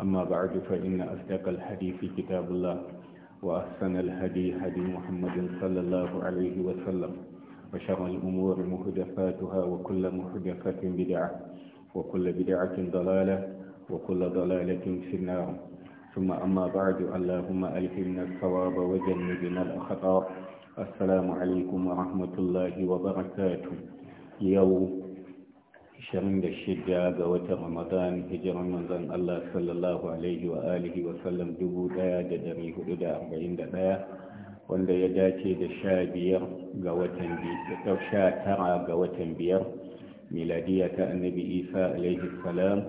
أما بعد فإن أصدق الحديث كتاب الله وأحسن الهدي هدي محمد صلى الله عليه وسلم وشر الأمور محدثاتها وكل محدثة بدعة وكل بدعة ضلالة وكل ضلالة في النار ثم أما بعد اللهم ألهمنا الصواب وجنبنا الأخطاء السلام عليكم ورحمة الله وبركاته يوم 26 ga watan Ramadan hijiran manzon Allah sallallahu alaihi wa alihi wa sallam 1441 wanda ya dace da sha tara 19 ga watan 5 miladiya ta annabi Isa alaihi salam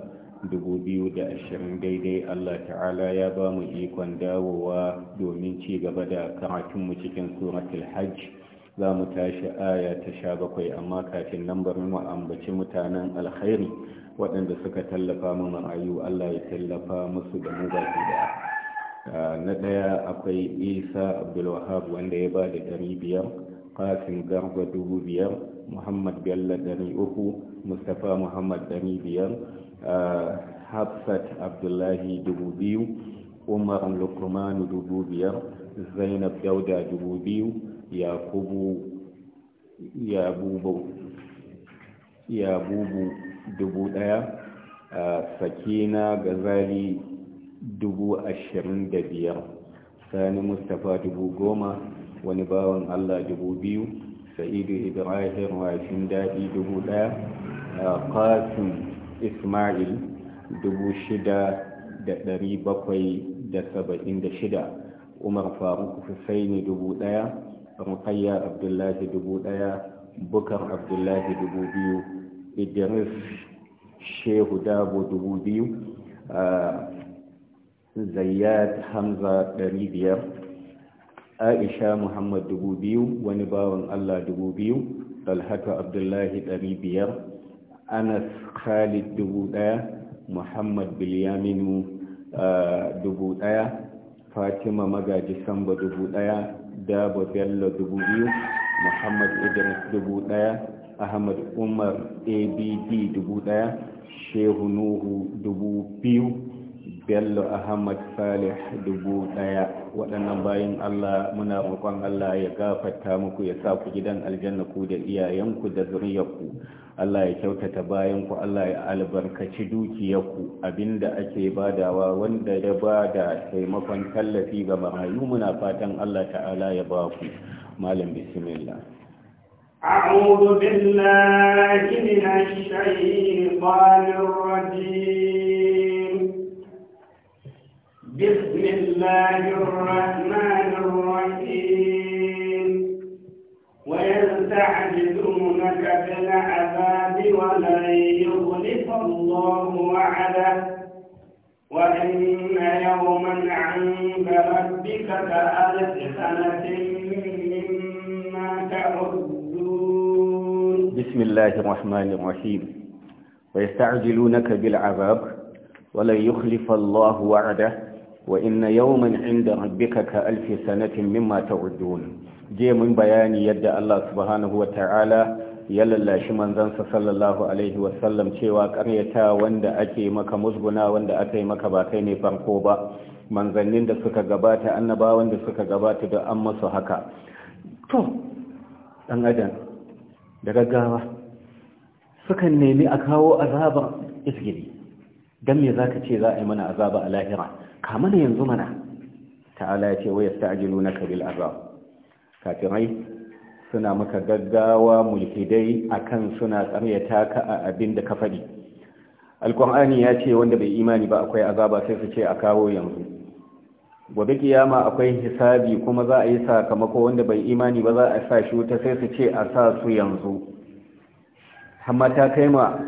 2020 daidai Allah ta'ala ya ba mu ikon dawowa domin ci gaba da karatunmu cikin suratul hajj za mu tashi aya ta sha bakwai amma kafin nan bari mu ambaci mutanen alkhairi waɗanda suka tallafa mu marayu Allah ya tallafa musu da mu baki na ɗaya akwai isa abdulwahab wanda ya ba da ɗari biyar qasim garba dubu biyar muhammad bello ɗari uku mustapha muhammad ɗari biyar hafsat abdullahi dubu biyu umar lukumanu dubu biyar zainab dauda dubu biyu yakubu yabubu bubu dubu daya a sakina gazali dubu ashirin da biyar sani mustapha dubu goma wani bawan allah dubu biyu sa'idu ibrahim rashin daɗi dubu daya ƙasin ismail dubu shida da ɗari bakwai da saba'in da shida umar faruk husaini dubu ɗaya. rukayya abdullahi dubu daya bukar abdullahi dubu biyu idris shehu dabo dubu biyu zayyad hamza dari biyar aisha muhammad dubu biyu wani bawan allah dubu biyu talhatu abdullahi dari biyar anas khalid dubu daya muhammad bilyaminu dubu daya fatima magaji samba dubu daya. dabo bello dubu biyu muhammad idris dubu ɗaya ahmad umar abd dubu ɗaya shehu nuhu dubu biyu bello ahmad salih dubu ɗaya waɗannan bayan allah muna roƙon allah ya gafata muku ya sa ku gidan aljanna ku da iyayenku da zuriyarku Allah ya kyautata bayan ku Allah ya albarkaci dukiyarku abinda ake badawa wanda ya bada taimakon tallafi ga marayu muna fatan Allah ta'ala ya ba ku malam bismillah أعوذ بالله من الشيطان الرجيم بسم الله الرحمن بسم الله الرحمن الرحيم ويستعجلونك بالعذاب ولن يخلف الله وعده وإن يوما عند ربك كألف سنة مما تعدون جي من بياني يد الله سبحانه وتعالى yallallashi manzansa sallallahu alaihi wasallam cewa karyata wanda ake maka musguna wanda aka yi maka ba kai ne farko ba manzannin da suka gabata annabawan da suka gabata da an masu haka to dan adam da gaggawa sukan nemi a kawo azabar isgiri don me za ka ce za a yi mana azaba a lahira ka mana yanzu mana ta'ala ya ce waya sta'ajilu na kabil azab kafirai suna maka gaggawa mulki mulkidai akan suna tsaryata ka a abin da ka faɗi alƙur'ani ya ce wanda bai imani ba akwai azaba sai su ce a kawo yanzu gobe kiyama akwai hisabi kuma za a yi sakamako wanda bai imani ba za a sa shi wuta sai su ce a sa su yanzu amma ta kaima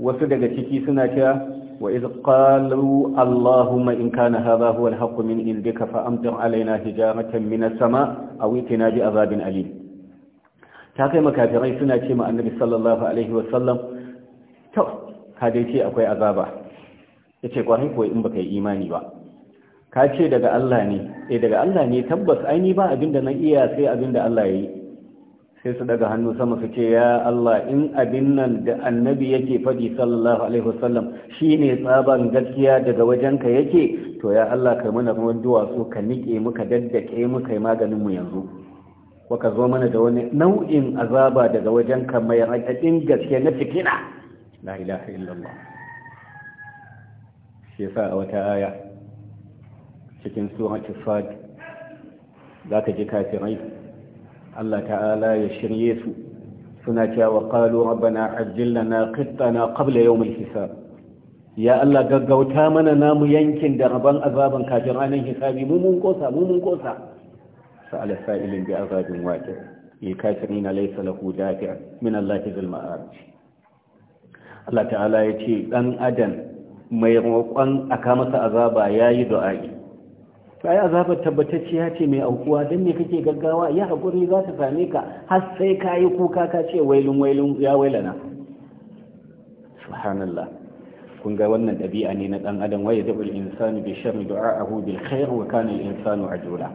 wasu daga ciki suna cewa wa iz qalu allahumma in kana hadha huwa al-haqq min indika fa amtir alaina hijaratan min as-sama aw itina bi azabin alim ta kai ma suna ce ma annabi sallallahu alaihi wa sallam to ka dai ce akwai azaba yace kwarai ko in baka yi imani ba ka ce daga Allah ne E daga Allah ne tabbas aini ba abin da na iya sai abin da Allah yi sai su daga hannu sama su ce ya Allah in abin nan da annabi yake faɗi sallallahu alaihi wasallam shine tsaban gaskiya daga wajenka yake to ya Allah kai mana ruwan duwatsu ka nike muka daddake mu kai maganin mu yanzu waka zo mana da wani nau'in azaba daga wajenka mai raɗaɗin gaske na fitina la ilaha illallah shi sa a wata aya cikin suratu fad za ka ji kafirai Allah ta'ala ya shirye su suna cewa qalu rabbana ajjil lana qittana qabla yau mai hisab ya Allah gaggauta mana namu yankin da rabon azaban kafin ranar hisabi mu mun kosa mu mun kosa sa'ala sa'ilin bi azabin waqi ya kafirin laysa lahu dafi' min Allah a ma'arij Allah ta'ala ya ce ɗan adam mai roƙon aka masa azaba ya yi du'a'i to yi azabar tabbatacciya ce mai aukuwa don me kake gaggawa ya hakuri za ta same ka har sai ka yi kuka ka ce wailun wailun ya wailana subhanallah kun ga wannan ɗabi'a ne na ɗan adam waye zabul insanu bi sharri du'a'ahu bil khair wa kana al insanu ajula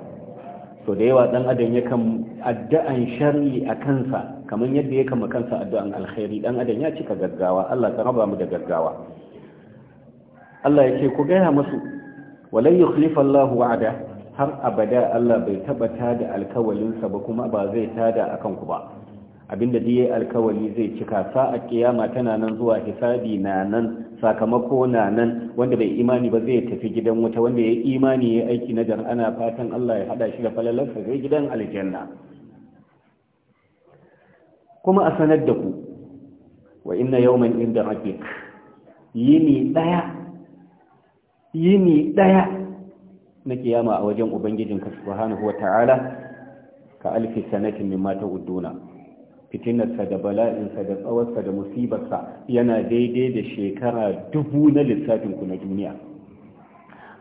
to da yawa ɗan adam yakan addu'an sharri a kansa kamar yadda ya kama kansa addu'an alkhairi ɗan adam ya cika gaggawa Allah ka raba mu da gaggawa Allah ya ce ku gaya musu walan yukhlifa Allah wa'ada har abada Allah bai tabbata da alkawalinsa ba kuma ba zai tada akan ku ba abinda yayi alkawali zai cika a kiyama tana nan zuwa hisabi na nan sakamako na nan wanda bai imani ba zai tafi gidan wuta wanda ya imani ya aiki na jar ana fatan Allah ya hada shi da sa zai gidan aljanna kuma a sanar da ku wa inna yawman inda rabbik yini daya yini daya na kiyama a wajen ubangijinka subhanahu wata'ala ka alfi sanatin mimma guduna. fitinarsa da bala'insa da tsawarsa da musibarsa yana daidai da shekara dubu na lissafinku na duniya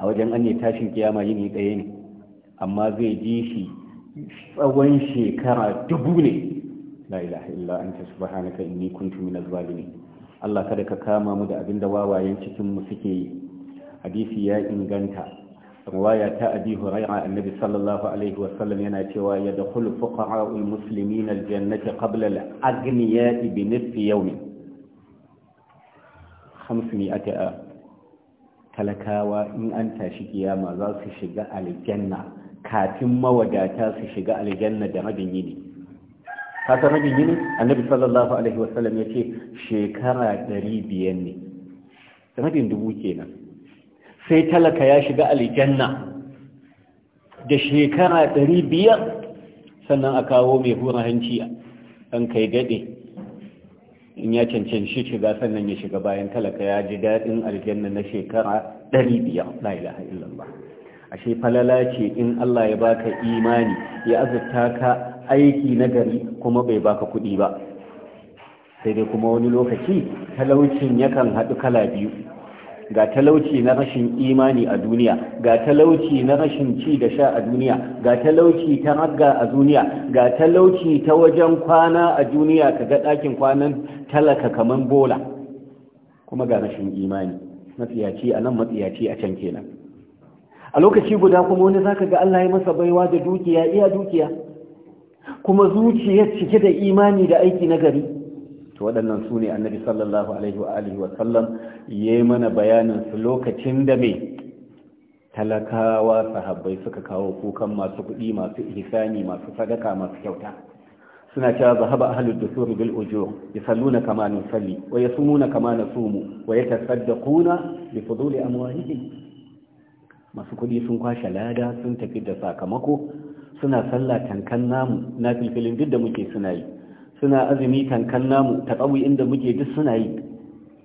a wajen an ne tashin kiyama yini ɗaya ne amma zai ji shi tsawon shekara dubu ne la ilaha illa anta subhanaka inni kuntu minaz zalimin Allah kada ka kama mu da abin da wawayen cikin mu suke yi hadisi ya inganta riwaya ta abi hurairah annabi sallallahu alaihi wa sallam yana cewa ya dakhulu al muslimin aljannata qabla al-aghniya'i bi nisfi yawmin 500 talakawa in an tashi kiyama za su shiga aljanna kafin mawadata su shiga aljanna da rabin yini Ka kasa rabin yini annabi sallallahu alaihi wasallam ya ce shekara 500 ne rabin dubu kenan sai talaka ya shiga aljanna da shekara ɗari biyar sannan a kawo mai hura hanci an kai gade in ya cancanci shiga sannan ya shiga bayan talaka ya ji daɗin aljanna na shekara ɗari biyar la'ilaha illallah ashe falala ce in Allah ya baka imani ya azurta ka aiki na gari kuma bai baka kuɗi ba sai dai kuma wani lokaci talaucin yakan haɗu kala biyu ga talauci na rashin imani a duniya ga talauci na rashin ci da sha a duniya ga talauci ta ragga a duniya ga talauci ta wajen kwana a duniya ka ga ɗakin kwanan talaka kaman bola kuma ga rashin imani matsiyaci a nan matsiyaci a can kenan a lokaci guda kuma wani zaka ga Allah ya masa baiwa da dukiya iya dukiya kuma zuciyar cike da imani da aiki na gari to waɗannan su ne annabi sallallahu alaihi wa alihi ya yi mana bayanin lokacin da me talakawa sahabbai suka kawo kukan masu kuɗi masu ihsani masu sadaka masu kyauta suna cewa zahaba ahlud dusur bil ujur yusalluna kama nusalli wa yasumuna kama nasumu wa yatasaddaquna bi fuduli amwalihim masu kuɗi sun kwashe lada sun tafi da sakamako suna sallah tankan namu na filfilin duk da muke suna yi suna azumi kankan namu ta ƙawi inda muke duk suna yi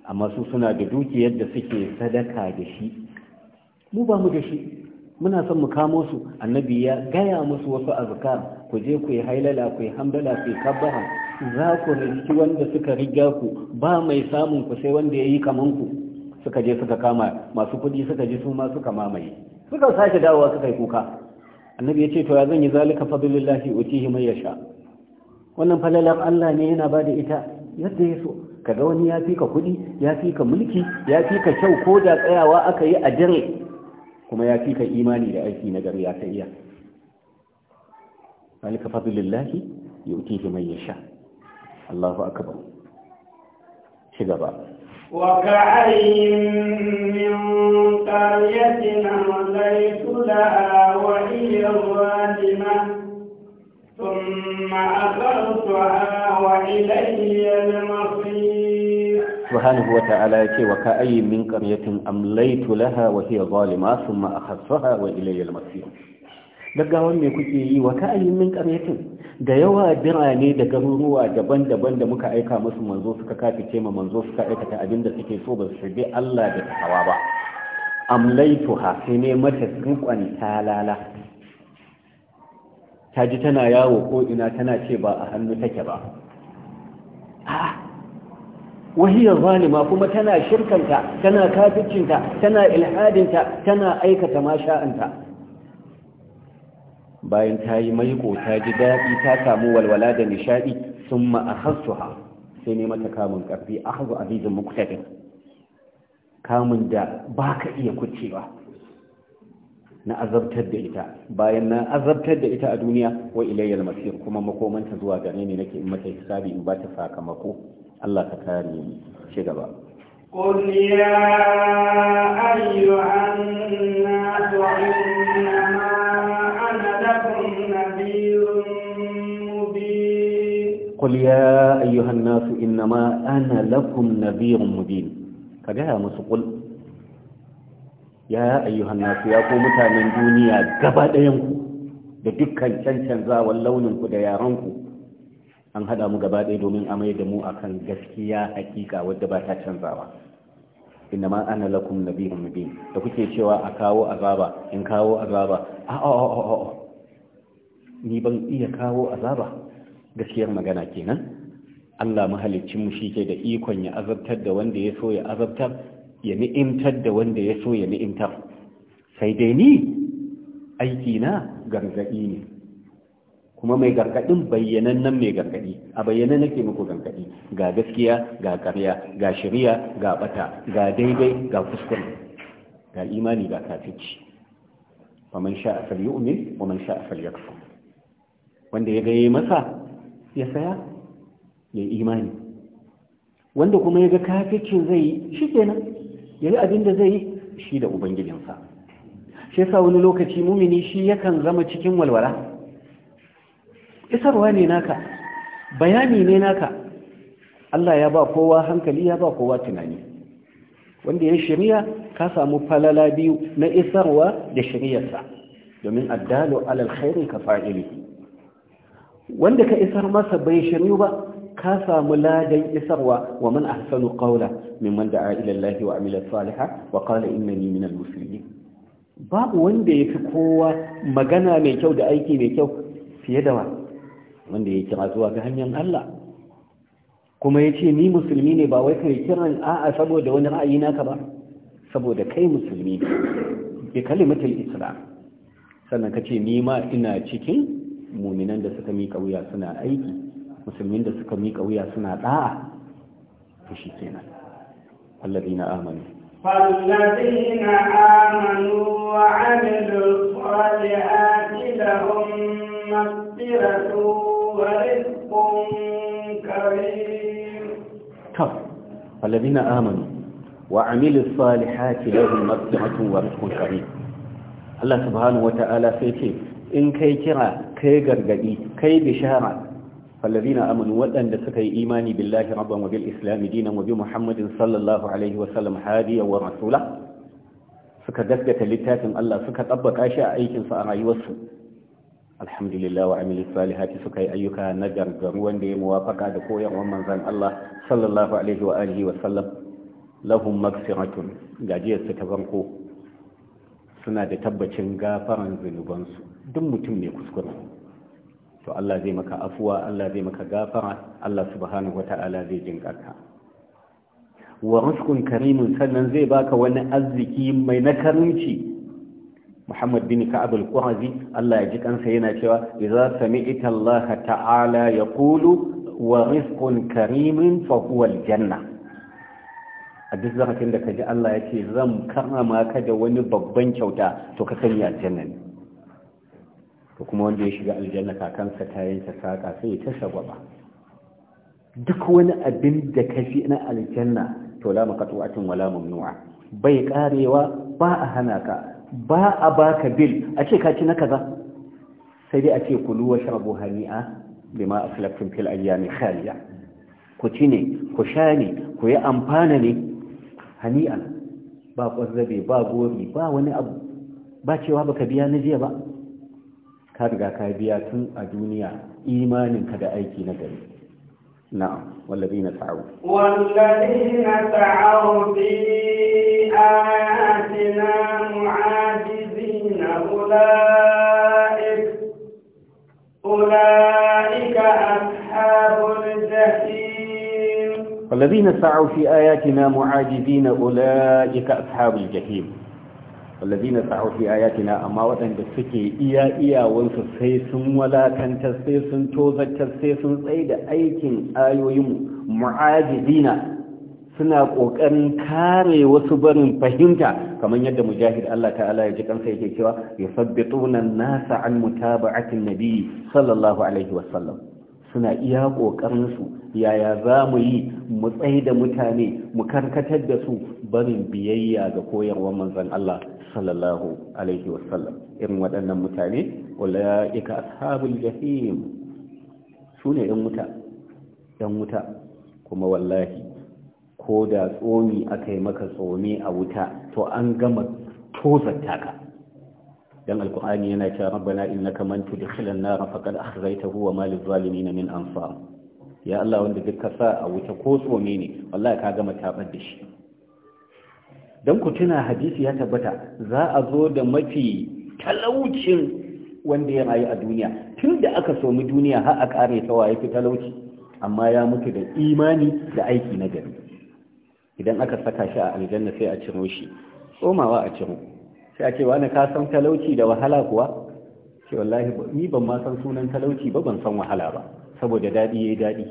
amma su suna da dukiyar da suke sadaka da shi mu ba mu da shi muna son mu kamo su annabi ya gaya musu wasu azkar ku je ku yi hailala ku yi hambala ku yi kabbaha za ku riki wanda suka riga ku ba mai samun ku sai wanda ya yi kaman ku suka je suka kama masu kuɗi suka je su ma suka mamaye suka sake dawowa suka yi kuka annabi ya ce to ya zan yi zalika fadlillahi utihi man yasha wannan falalar Allah ne yana ba da ita yadda ya so kaga wani ya fi ka kuɗi ya fi ka mulki ya fi ka kyau ko da tsayawa aka yi a jire kuma ya fi ka imani da aiki na gari ya ta iya malika fadlillahi yu'tihi man yasha Allahu akbar ci gaba وكأين من قرية أمليت لها وهي ظالمة ثم أخذتها وإلي المصير سبحانه وتعالى يكي وكأي من قرية أمليت لها وهي ظالمة ثم أخذتها وإلي المصير gaggawan mai kuke yi wa ka'ayin min karyatin da yawa birane da garuruwa daban-daban da muka aika musu manzo suka kafice ma manzo suka aikata abinda suke so ba su bi Allah da ta hawa ba amlaituha sai ne mata sun kwanta lala ta ji tana yawo ko ina tana ce ba a hannu take ba wahiyar zalima kuma tana shirkanta tana kaficinta tana ilhadinta tana aikata masha'anta bayan ta yi maiko ta ji daɗi ta samu walwala da nishaɗi sun ma'ahassuha sai ne mata kamun ƙarfi a hazu abizin muktadin kamun da ba ka iya kucewa na azabtar da ita bayan na azabtar da ita a duniya wa ilayyar masir kuma makomanta zuwa gare ne nake in mata hisabi in ba ta sakamako Allah ka kare ni ci gaba قل يا أيها الناس إنما أنا لكم نذير مبين قل يا أيها الناس إنما أنا لكم نذير مبين كجاء مسقل ya ayyuhan nasu ya ko mutanen duniya gaba ɗayanku da dukkan cancanzawar launinku da yarenku an haɗa mu gaba ɗaya domin a mai da mu akan gaskiya hakika wadda ba ta canzawa inda ma ana biyun mu mubin da kuke cewa a kawo azaba in kawo azaba a a ni ban iya kawo azaba gaskiyar magana kenan Allah mahalicin mu shi ke da ikon ya azabtar da wanda ya so ya azabtar ya ni'imtar da wanda ya so ya ni'imtar sai dai ni aiki na gargaɗi ne kuma mai gargaɗin nan mai gargaɗi a bayyana nake muku gargaɗi ga gaskiya ga ƙarya ga shirya ga bata ga daidai ga kuskure ga imani ga kafici Waman sha a falyu'min wa man sha a falyakfur wanda ya gaye masa ya saya ya imani wanda kuma ya ga kaficin zai yi shi kenan ya yi abin da zai yi shi da ubangijinsa shi yasa wani lokaci mumini shi yakan zama cikin walwala isarwa ne naka bayani ne naka Allah ya ba kowa hankali ya ba kowa tunani wanda ya shirya ka samu falala biyu na isarwa da shiryarsa domin addalu alal khairi, ka fa'ili wanda ka isar masa bai shiryu ba ka samu ladan isarwa wa man ahsanu qawla mimman da'a ila Allah wa amila salihan wa qala innani minal muslimin babu wanda yafi kowa magana mai kyau da aiki mai kyau fiye da wa wanda ya kira zuwa ga hanyar Allah kuma ya ce ni musulmi ne ba wai kai kiran a'a saboda wani ra'ayi naka ba saboda kai musulmi ne bi kalimatul islam sannan ka ce ni ma ina cikin muminan da suka mika wuya suna aiki musulmin da suka miƙa wuya suna ɗa'a to shi ce nan allazi na amani fallazina amanu wa amilu salihati lahum masiratu wa rizqun karim to fallazina amanu wa amilu salihati lahum masiratu wa rizqun karim Allah subhanahu wa ta'ala sai in kai kira kai gargadi kai bishara فالذين امنوا waɗanda suka ايماني بالله ربا وبالاسلام دينا وبمحمد صلى الله عليه وسلم هاديا ورسولا suka gaskata littafin Allah suka tabbaka shi a aikin sa a rayuwarsu alhamdulillah wa amil salihati suka yi ayyuka na gargaru wanda ya muwafaka da koyarwar manzon Allah sallallahu alaihi wa alihi wa sallam lahum magfiratun gajiyar su ta farko suna da tabbacin gafaran zunubansu duk mutum ne kuskure to Allah zai maka afuwa Allah zai maka gafara Allah subhanahu wata'ala zai jinkarka wa rizqun karimun sannan zai baka wani arziki mai nakarunci Muhammad bin Ka'ab al-Qurazi Allah ya ji kansa yana cewa idza sami'ta Allah ta'ala yaqulu wa rizqun karimun fa huwa al-janna a duk zakatin da ji Allah ya ce zan karama ka da wani babban kyauta to ka sani aljanna ne to kuma wanda ya shiga aljanna kakansa ta yanke saka sai ta gwaba. duk wani abin da kafi na aljanna to la maqtu'atin wala mamnu'a bai karewa ba a hana ka ba a baka bil a ce ka ci na kaza sai dai a ce kulu wa shrabu hani'a bima aslaftum fil ayyami khaliya ku ci ne ku sha ne ku yi amfana ne hani'an ba kwazzabe ba gori ba wani abu ba cewa baka biya na jiya ba ka ka biya tun a duniya imaninka da aiki na gari na'am wallahi na sa'u wallahi na sa'u fi ayatina mu'adizina ulaik ulaika ashabul jahim wallahi na sa'u fi ayatina mu'adizina ulaika ashabul jahim wallazina sa'u fi ayatina amma waɗanda suke iya iyawansu sai sun walakanta sai sun tozarta sai sun tsaye da aikin ayoyinmu mu'ajizina suna ƙoƙarin kare wasu barin fahimta kamar yadda mujahid Allah ta'ala ya ji kansa yake cewa ya an-nasa an mutaba'atin nabi sallallahu alaihi wasallam suna iya ƙoƙarinsu yaya za mu yi mu tsaye da mutane mu karkatar da su barin biyayya ga koyarwar manzan Allah sallallahu alaihi wasallam irin waɗannan mutane wala ika ashabul jahim su ne ɗan wuta ɗan wuta kuma wallahi ko da tsomi aka yi maka tsomi a wuta to an gama tozarta taka. dan alkurani yana cewa rabbana innaka man tudkhilan nar faqad akhzaytahu wa mal zalimin min ansar ya Allah wanda duka sa a wuta ko tsome ne wallahi ka gama tabar da shi dan ku tuna hadisi ya tabbata za a zo da mafi talaucin wanda ya rayu a duniya tun da aka somi duniya har a kare ta waye fi talauci amma ya mutu da imani da aiki na gari idan aka saka shi a aljanna sai a ciro shi tsomawa a ciro sai a ce wani ka san talauci da wahala kuwa ce wallahi ni ban ma san sunan talauci ba ban san wahala ba saboda daɗi ya yi daɗi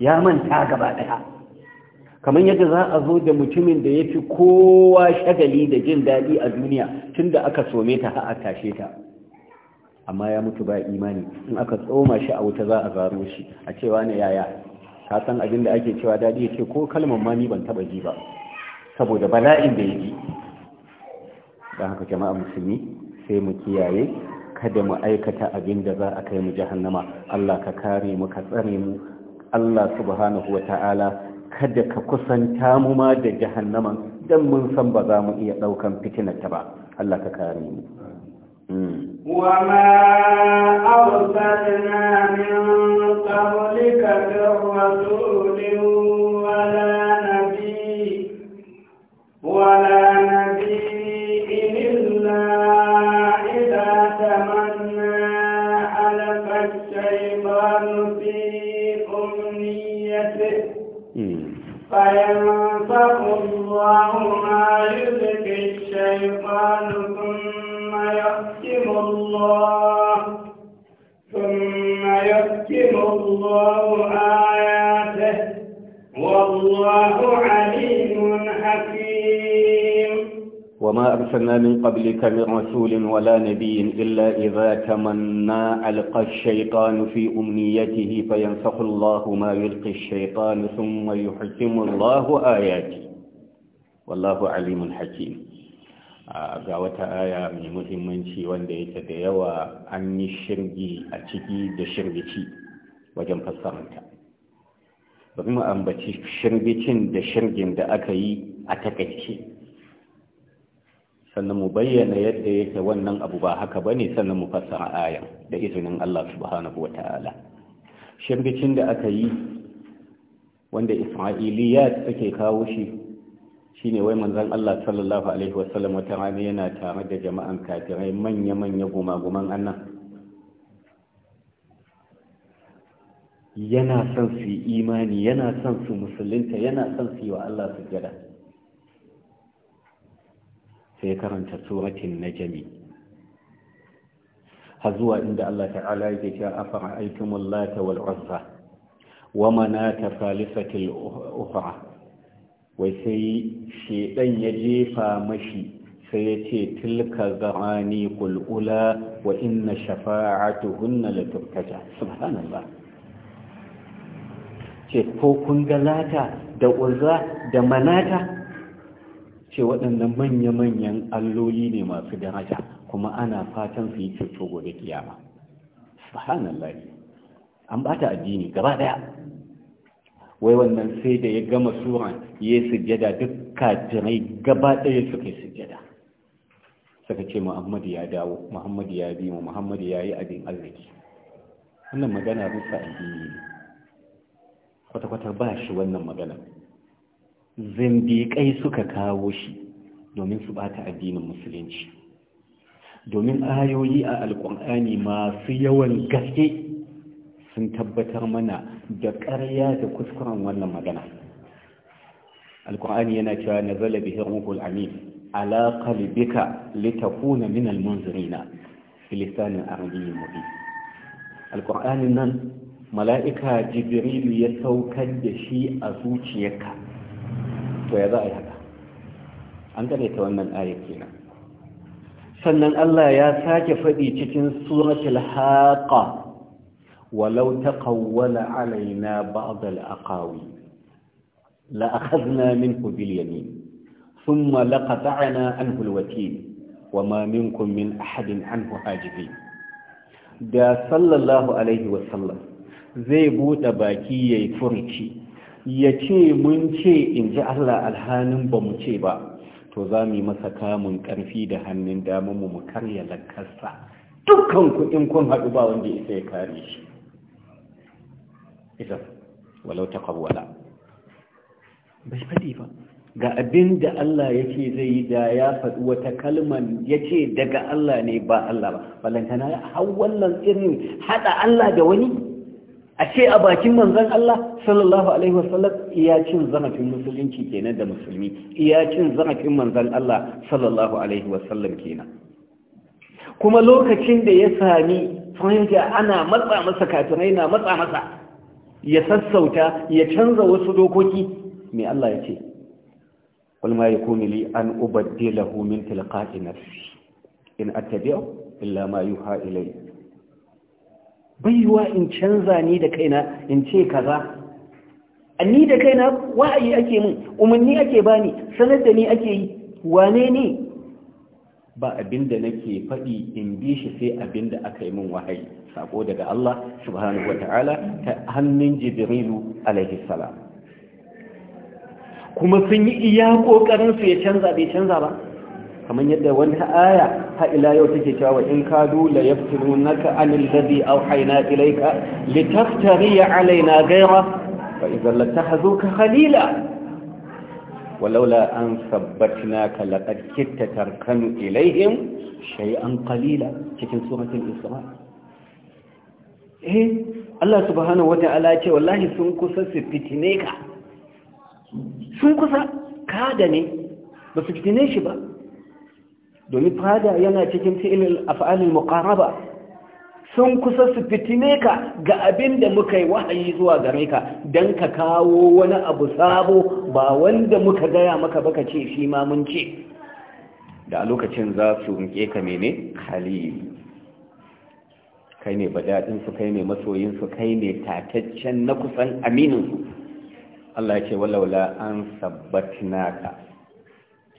ya manta gaba ɗaya kamar yadda za a zo da mutumin da ya fi kowa shagali da jin daɗi a duniya tun da aka some ta a tashe ta amma ya mutu ba imani in aka tsoma shi a wuta za a zaro shi a cewa na yaya ka san abin da ake cewa daɗi ya ce ko kalmar ma ni ban taɓa ji ba saboda bala'in da ya ji don haka jama'a musulmi sai mu kiyaye kada mu aikata abin da za a kai mu jahannama Allah ka kare mu ka tsare mu Allah subhanahu ta'ala kada ka kusanta mu ma da jahannaman dan mun san ba za mu iya daukan fitinar ta ba Allah ka kare mu وما أرسلنا من قبلك من رسول ولا نبي ولا فينفق الله ما يزكي الشيطان ثم يحكم الله ثم يحكم الله آياته والله عليم وما أرسلنا من قبلك من رسول ولا نبي إلا إذا تمنى ألقى الشيطان في أمنيته فينسخ الله ما يلقي الشيطان ثم يحكم الله آياته والله عليم حكيم ga wata aya mai muhimmanci wanda yake da yawa an yi shirgi a ciki da shirgici wajen fassaranta bari mu ambaci shirgicin da shirgin da aka yi a takaice sannan mu bayyana yadda yake wannan abu ba haka ba ne sannan mu fassara ayan da izinin Allah subhanahu ta'ala. Shirgicin da aka yi wanda Isra'iliyat suke kawo shi shi ne wai manzon Allah sallallahu alaihi wasallam wata rana yana tare da jama'an kafirai manya-manya gumaguman annan yana son su imani yana son su musulunta yana son su yi wa Allah su sujjada sai karanta suratin Jami. Ha zuwa inda Allah ta'ala yake cewa afara aiki mullata wal uzza wa manata falisatil ukhra wai sai shedan ya jefa mashi sai ya ce tilka zarani kulkula wa inna shafa'atuhunna la subhanallah ce ko kun ga lata da uzza da manata ce waɗannan manya-manyan alloli ne masu daraja kuma ana fatan su yi ceto gobe kiyama subhanallah an bata addini gaba daya wai wannan sai da ya gama sura ya sujjada duk katirai gaba daya suka yi sujjada suka ce muhammadu ya dawo muhammadu ya bi mu muhammadu ya yi abin arziki wannan magana rufa addini ne kwata-kwata ba shi wannan magana zindiƙai suka kawo shi domin su bata addinin musulunci domin ayoyi a alƙur'ani masu yawan gaske sun tabbatar mana da ƙarya da kuskuren wannan magana alƙur'ani yana cewa na zala bihin ruhul amin ala qalbika litakuna min almunzirina filistanin arabiyyin mubin alƙur'anin nan mala'ika jibrilu ya saukar da shi a zuciyarka to ya za a yi haka an gane ta wannan ayat kenan sannan Allah ya sake faɗi cikin suratul haqa walau taqawwala alaina ba'd al-aqawi la akhadna minhu bil yamin thumma laqata'na anhu al-watil wama minkum min ahadin anhu hajibin da sallallahu alaihi wa sallam zai bude baki yayi furci ya ce mun ce in ji Allah alhanin ba mu ce ba to za mu yi masa kamun ƙarfi da hannun damar mu karya lakarsa dukkan kuɗin kun haɗu ba wanda isa ya kare shi idan walau ta kawwala bai faɗi ba ga abin da Allah ya ce zai yi da ya faɗi wata kalman ya ce daga Allah ne ba Allah ba ballantana hau wannan irin haɗa Allah da wani a ce a bakin manzon Allah sallallahu alaihi wasallam iya cin zarafin musulunci kenan da musulmi iya cin zarafin manzon Allah sallallahu alaihi wasallam kenan kuma lokacin da ya sami fahimta ana matsa masa kafirai na matsa masa ya sassauta ya canza wasu dokoki mai Allah ya ce wal ma yakunu li an ubaddilahu min tilqa'i nafsi in attabi'u illa ma yuha ilayya baiwa in canza ni da kaina in ce kaza ni da kaina wa'ayi ake mun umarni ake bani sanar da ni ake yi wane ne ba abinda nake faɗi in bi shi sai abin da aka yi mun wahayi sako daga Allah subhanahu wata'ala ta hannun jibrilu alaihi salam kuma sun yi iya kokarin su ya canza bai canza ba kamar yadda wani aya ha ila yau take cewa in ka kadu la yaftununaka anil ladhi awhayna ilayka litaftari alaina ghayra fa idhan latahazuka khalila ولولا أن ثبتناك لقد كدت تركن إليهم شيئا قليلا cikin suratul Isra eh Allah subhanahu wataala ce wallahi sun kusa su fitine ka sun kusa Ka da ne ba su fitine shi ba domin fada yana cikin filin afalin muqaraba sun kusa su fitine ka ga abin da muka yi wahayi zuwa gare ka don ka kawo wani abu sabo ba wanda muka gaya maka baka ce shi ma mun ce da lokacin za su rike ka mene khalil kai ne su kai ne masoyinsu kai ne tataccen na kusan su Allah ya ce walaula an sabbatnaka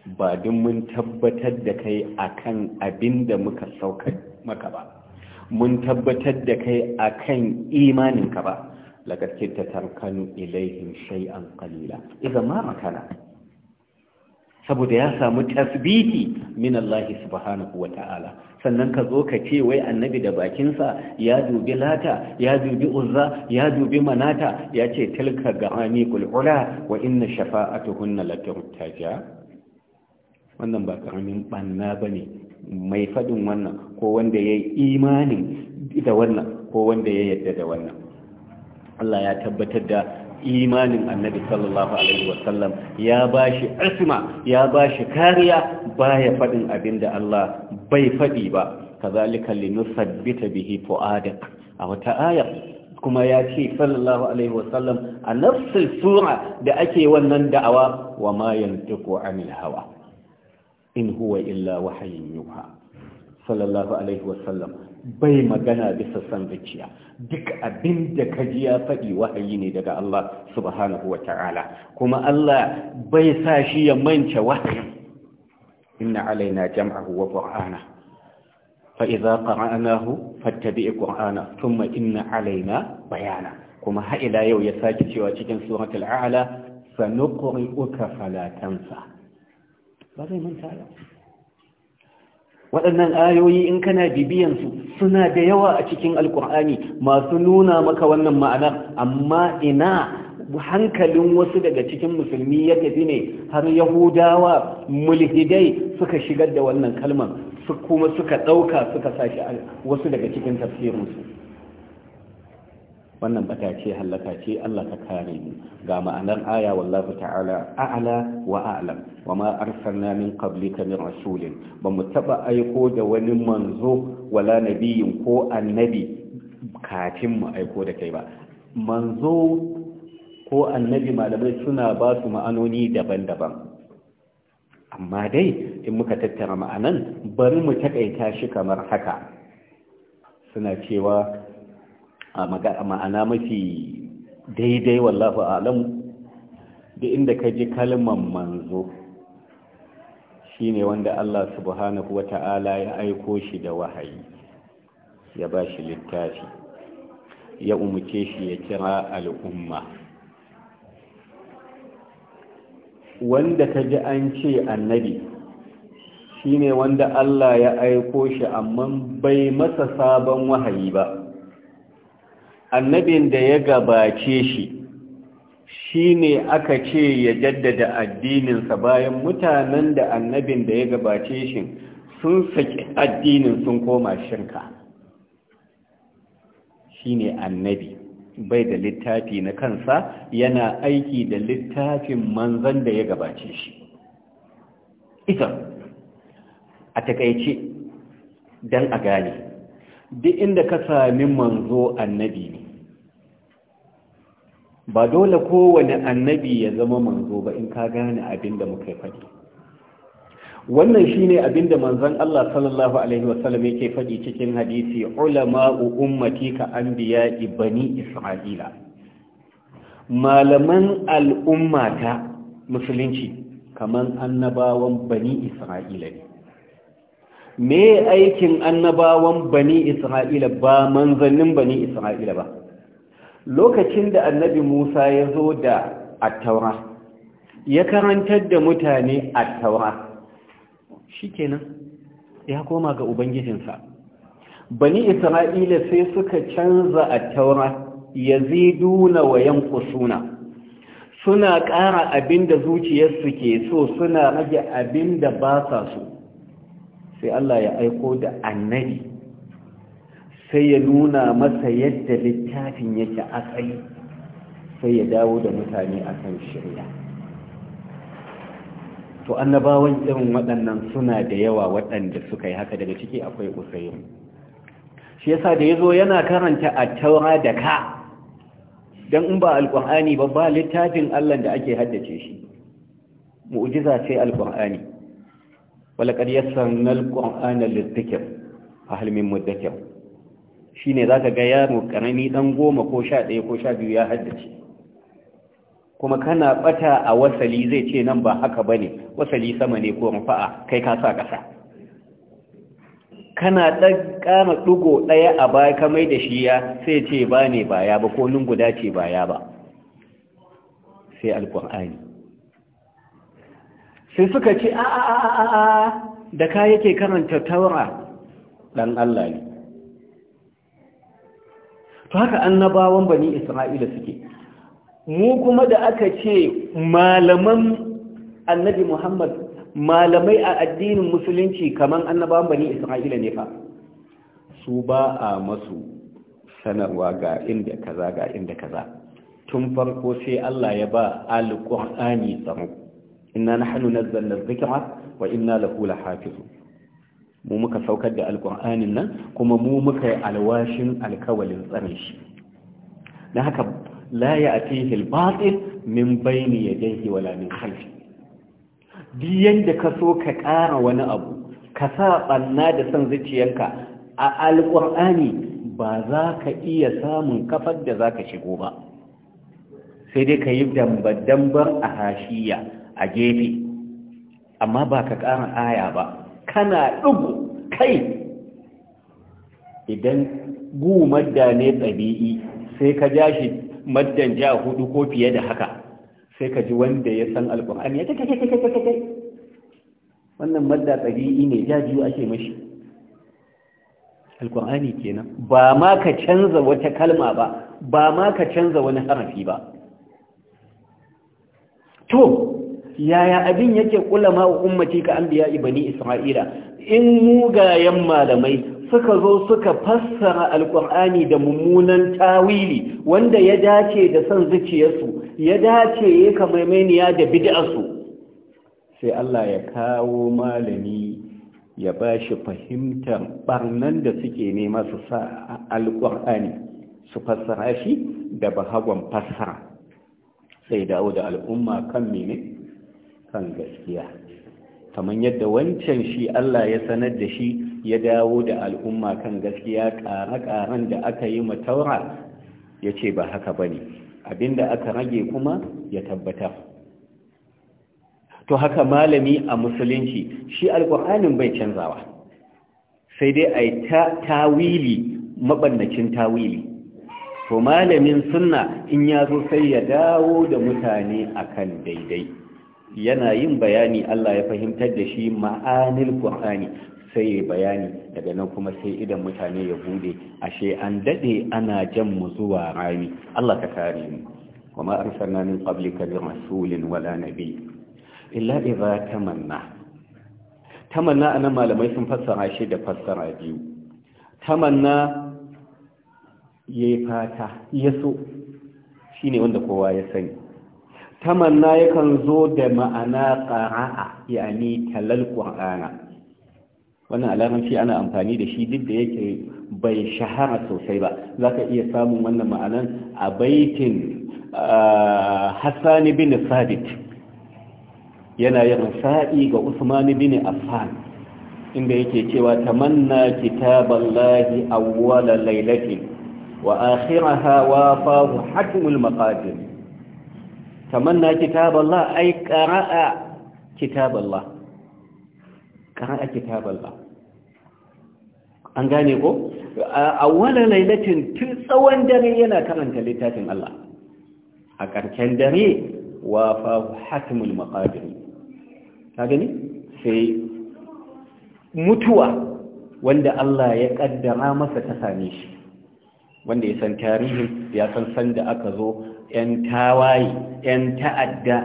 ba duk mun tabbatar da kai akan abin da muka saukar maka ba mun tabbatar da kai akan imaninka ba laqad kitta tarkanu ilaihim shay'an kalila idan ma makana saboda ya samu tasbiti min Allah subhanahu wa ta'ala sannan ka zo ka ce wai annabi da bakinsa ya dubi lata ya dubi uzza ya dubi manata ya ce tilka ga ani kul'ula wa inna shafa'atuhunna latartaja wannan ba karamin banna ba ne mai fadin wannan ko wanda ya yi imanin da wannan ko wanda ya yadda da wannan Allah ya tabbatar da imanin annabi sallallahu alaihi wasallam ya ba shi asma ya ba shi kariya baya fadin abin da Allah bai fadi ba kazalika linusabbita bihi fuadak a wata aya kuma ya ce sallallahu alaihi wasallam a nafsul sura da ake wannan da'awa wa ma yantiqu anil hawa in huwa illa wahayin yuha sallallahu alaihi wasallam bai magana bisa san zuciya duk abin da ji ya faɗi wahayi ne daga Allah subhanahu wa ta'ala kuma Allah bai sa shi ya mance wahayin inna alaina jam'ahu wa qur'ana fa idza qara'nahu fattabi' qur'ana thumma inna alaina bayana kuma haila ila yau ya sake cewa cikin suratul a'la sanuqri'uka fala tansa ba zai manta ba waɗannan ayoyi in kana bibiyansu suna da yawa a cikin alkur'ani masu nuna maka wannan ma'anar amma ina hankalin wasu daga cikin musulmi ya tafi ne har yahudawa mulhidai suka shigar da wannan kalmar su kuma suka ɗauka suka sashi wasu daga cikin tafsirinsu wannan bata ce halaka ce Allah ka kare mu ga ma'anar aya wallahu ta'ala a'la wa a'lam wa ma arsalna min qablika min rasulin ba mu taba aiko da wani manzo wala nabiyin ko annabi kafin mu aiko da kai ba manzo ko annabi malamai suna ba su ma'anoni daban-daban amma dai in muka tattara ma'anan bari mu takaita shi kamar haka suna cewa ma'ana mafi daidai wallafa alamu da inda ka ji kalmar manzo shi ne wanda Allah subhanahu wata'ala ya aiko shi da wahayi ya ba shi littafi ya umuce shi ya kira al'umma wanda ka ji an ce annabi shi ne wanda Allah ya aiko shi amma bai masa sabon wahayi ba annabin da ya gabace shi shi ne aka ce ya jaddada addininsa bayan mutanen da annabin da ya gabace shi sun saki addinin sun koma shirka Shi ne annabi bai da littafi na kansa yana aiki da littafin manzan da ya gabace shi ita a takaice dan a gane duk inda ka sami manzo annabi ne ba dole kowane annabi ya zama manzo ba in ka gane abin da muka faɗi wannan shine abin da manzon Allah sallallahu alaihi wasallam yake faɗi cikin hadisi ulama'u ummati ka biya bani isra'ila malaman al'ummata musulunci kamar annabawan bani isra'ila ne me aikin annabawan bani isra'ila ba manzannin bani isra'ila ba lokacin da annabi musa ya zo da attaura ya karantar da mutane attaura shi kenan ya koma ga ubangijinsa bani isra'ila sai suka canza attaura ya ziduna wa yanku suna suna ƙara abin da zuciyarsu ke so suna rage abin da ba sa so sai Allah ya aiko da annabi sai ya nuna masa yadda littafin yake asali sai ya dawo da mutane akan shirya to annabawan irin waɗannan suna da yawa waɗanda suka yi haka daga ciki akwai usayin shi yasa da ya zo yana karanta a taura da ka don in ba alƙur'ani ba ba littafin allah da ake haddace shi mu'ujiza sai alƙur'ani walaƙar yassar na alƙur'anar littikir a halmin muddakin shi ne za ka ga yaro ƙarami ɗan goma ko sha ɗaya ko sha biyu ya haddace kuma kana ɓata a wasali zai ce nan ba haka ba ne wasali sama ne ko rufa'a kai ka sa ƙasa kana ƙara ɗigo ɗaya a baya ka mai da shi ya sai ce ba ne ba ya ba ko nun guda ce ba ya ba sai alƙur'ani sai suka ce a a a a da ka yake karanta taura ɗan Allah ne to haka annabawan bani isra'ila suke mu kuma da aka ce malaman annabi muhammad malamai a addinin musulunci kamar annabawan bani isra'ila ne fa su ba a masu sanarwa ga inda kaza ga inda kaza tun farko sai Allah ya ba alƙur'ani tsaro inna nahnu nazzalna dhikra wa inna lahu lahafizun mu muka saukar da alƙur'anin nan kuma mu muka yi alwashin alkawalin tsarin shi na haka la ya atihi albatil min ya yadayhi wala min halfi Biyan da ka so ka ƙara wani abu ka sa tsanna da son zuciyanka a alƙur'ani ba za ka iya samun kafar da za ka shigo ba sai dai ka yi dambar a hashiya a gefe amma ba ka ƙara aya ba kana ɗugu kai idan gu madda ne ɗabi'i sai ka ja shi maddan ja hudu ko fiye da haka sai ka ji wanda ya san alƙur'ani ya kai wannan madda ɗabi'i ne ja biyu ake mashi alƙur'ani kenan ba ma ka canza wata kalma ba ba ma ka canza wani harafi ba to yaya abin yake ƙula wa ummati ka anbiya ibani isra'ila in mugayen malamai suka zo suka fassara alkur'ani da mummunan tawili wanda ya dace da son zuciyarsu ya dace ya kamaimaniya da bid'arsu sai Allah ya kawo malami ya ba shi fahimtar barnan da suke nema su sa alkur'ani su fassara shi da bahagon fassara sai dawo da al'umma kan mene kan gaskiya kamar yadda wancan shi Allah ya sanar da shi ya dawo da al'umma kan gaskiya ƙara ƙaren da aka yi mataura ya ce ba haka ba ne abinda aka rage kuma ya tabbata. to haka malami a musulunci shi alƙur'anin bai canzawa sai dai a yi tawili maɓannacin tawili to malamin sunna in ya zo sai ya dawo da mutane akan daidai yana yin bayani Allah ya fahimtar da shi ma'anil Qur'ani sai ya bayani daga nan kuma sai idan mutane ya bude ashe an dade ana jan mu zuwa rami Allah ka kare mu kuma arsalna min qablika bi rasulin wala nabi illa idza tamanna tamanna anan malamai sun fassara shi da fassara biyu tamanna yayi fata yaso shine wanda kowa ya sani tamanna yakan zo da ma'ana qara'a yani talal qur'ana wannan alaman shi ana amfani da shi duk da yake bai shahara sosai ba zaka iya samun wannan ma'anan a baitin ah, Hassan bin Sabit yana yin sa'i ga Usman bin Affan inda yake cewa tamanna kitaballahi awwala lailatin wa akhiraha wa fahu hatmul maqadir tamanna kitab Allah ai qara'a kitab Allah qara'a kitab Allah an gane ko a lailatin tun tsawon dare yana karanta littafin Allah a ƙarshen dare wa fa hatimul maqadir ka gani sai mutuwa wanda Allah ya kaddara masa ta same shi wanda ya san tarihin ya san sanda aka zo 'yan tawaye 'yan ta'adda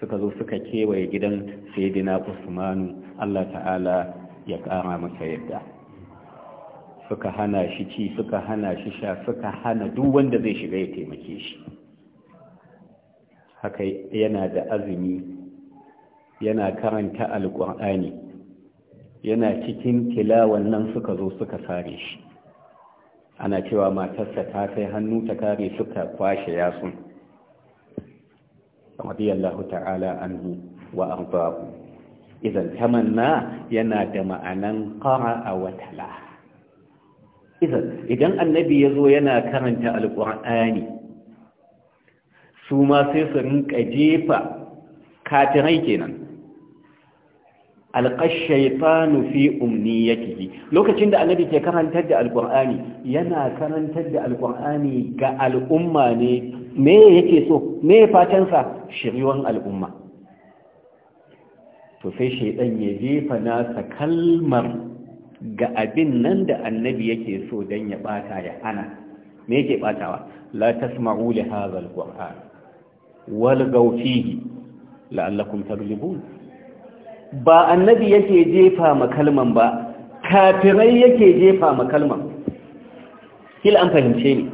suka zo suka kewaye gidan saidina usmanu Allah ta'ala ya ƙara masa yadda suka hana shi ci suka hana shi sha suka hana duk wanda zai shiga ya taimake shi haka yana da azumi yana karanta alƙur'ani yana cikin tilawan nan suka zo suka sare shi ana cewa matarsa ta kai hannu ta kare suka kwashe yatsun radiyallahu ta'ala anhu wa ardahu idan tamanna yana da ma'anan qara'a wa tala idan idan annabi yazo yana karanta alqur'ani su ma sai su rinka jefa katirai kenan alƙashaitanu fi umniyatihi lokacin da annabi ke karantar da alƙur'ani yana karantar da alƙur'ani ga al'umma ne me yake so me fatansa shiriwan al'umma to sai shaidan ya jefa nasa kalmar ga abin nan da annabi yake so don ya bata ya hana me yake batawa la tasma'u li hadha alqur'an wal gawfihi la'allakum taglibun ba annabi yake jefa kalman ba kafirai yake jefa ma kalman kil an fahimce ni